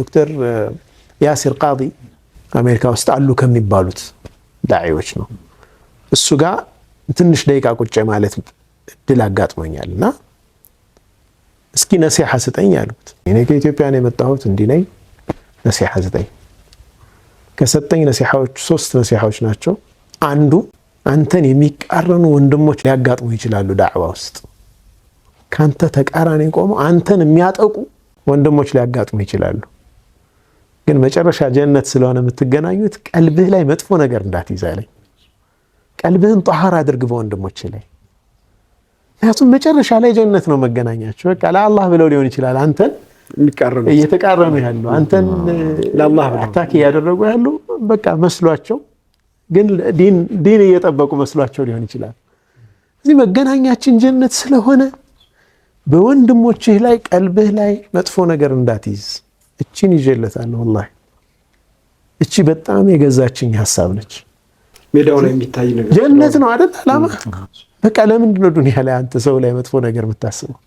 ዶክተር ያሲር ቃዲ አሜሪካ ውስጥ አሉ ከሚባሉት ዳዒዎች ነው። እሱ ጋር ትንሽ ደቂቃ ቁጭ ማለት እድል አጋጥሞኛል እና እስኪ ነሲሐ ስጠኝ አልኩት። እኔ ከኢትዮጵያ ነው የመጣሁት እንዲህ ነኝ፣ ነሲሐ ስጠኝ። ከሰጠኝ ነሲሐዎች ሶስት ነሲሐዎች ናቸው። አንዱ አንተን የሚቃረኑ ወንድሞች ሊያጋጥሙ ይችላሉ ዳዕዋ ውስጥ ከአንተ ተቃራኒ ቆመው አንተን የሚያጠቁ ወንድሞች ሊያጋጥሙ ይችላሉ። ግን መጨረሻ ጀነት ስለሆነ የምትገናኙት ቀልብህ ላይ መጥፎ ነገር እንዳትይዝ ቀልብህን ጠሃር አድርግ በወንድሞች ላይ። ምክንያቱም መጨረሻ ላይ ጀነት ነው መገናኛቸው። በቃ ለአላህ ብለው ሊሆን ይችላል አንተን እየተቃረኑ ያሉ አንተን አታክ እያደረጉ ያሉ በቃ መስሏቸው፣ ግን ዲን እየጠበቁ መስሏቸው ሊሆን ይችላል። እዚህ መገናኛችን ጀነት ስለሆነ በወንድሞችህ ላይ ቀልብህ ላይ መጥፎ ነገር እንዳትይዝ እቺን ይዤለታለሁ። ወላሂ እቺ በጣም የገዛችኝ ሀሳብ ነች። ሜዳው ላይ የሚታይ ነገር ጀነት ነው አይደል? አላማ በቃ ለምንድን ነው ዱንያ ላይ አንተ ሰው ላይ መጥፎ ነገር የምታስበው?